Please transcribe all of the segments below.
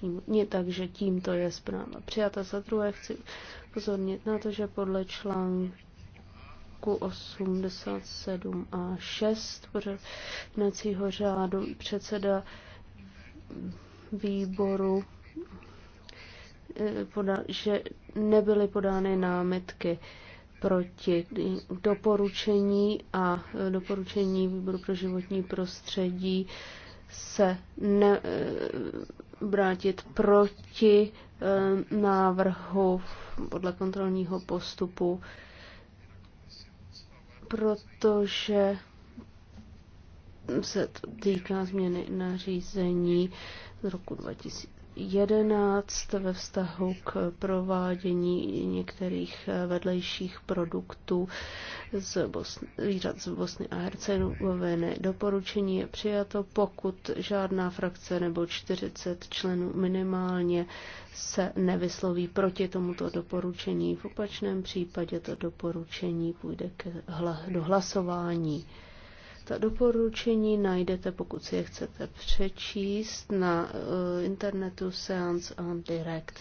vnitřnímu dni, takže tímto je zpráva přijata. Za druhé chci pozornit na to, že podle článku 87 a 6 pořadnacího řádu předseda výboru eh, že nebyly podány námitky proti doporučení a doporučení výboru pro životní prostředí se ne, eh, brátit proti eh, návrhu podle kontrolního postupu, protože se týká změny nařízení z roku 2011 ve vztahu k provádění některých vedlejších produktů z Bosny, z Bosny a Hercegoviny. Doporučení je přijato, pokud žádná frakce nebo 40 členů minimálně se nevysloví proti tomuto doporučení. V opačném případě to doporučení půjde k hla, do hlasování. Ta doporučení najdete, pokud si je chcete přečíst, na eh, internetu Seance on Direct.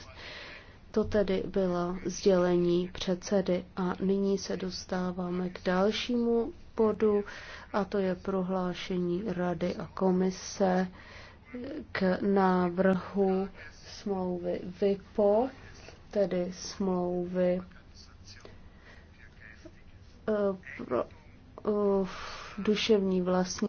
To tedy bylo sdělení předsedy a nyní se dostáváme k dalšímu bodu a to je prohlášení Rady a komise k návrhu smlouvy VIPO, tedy smlouvy eh, pro eh, duševní vlastní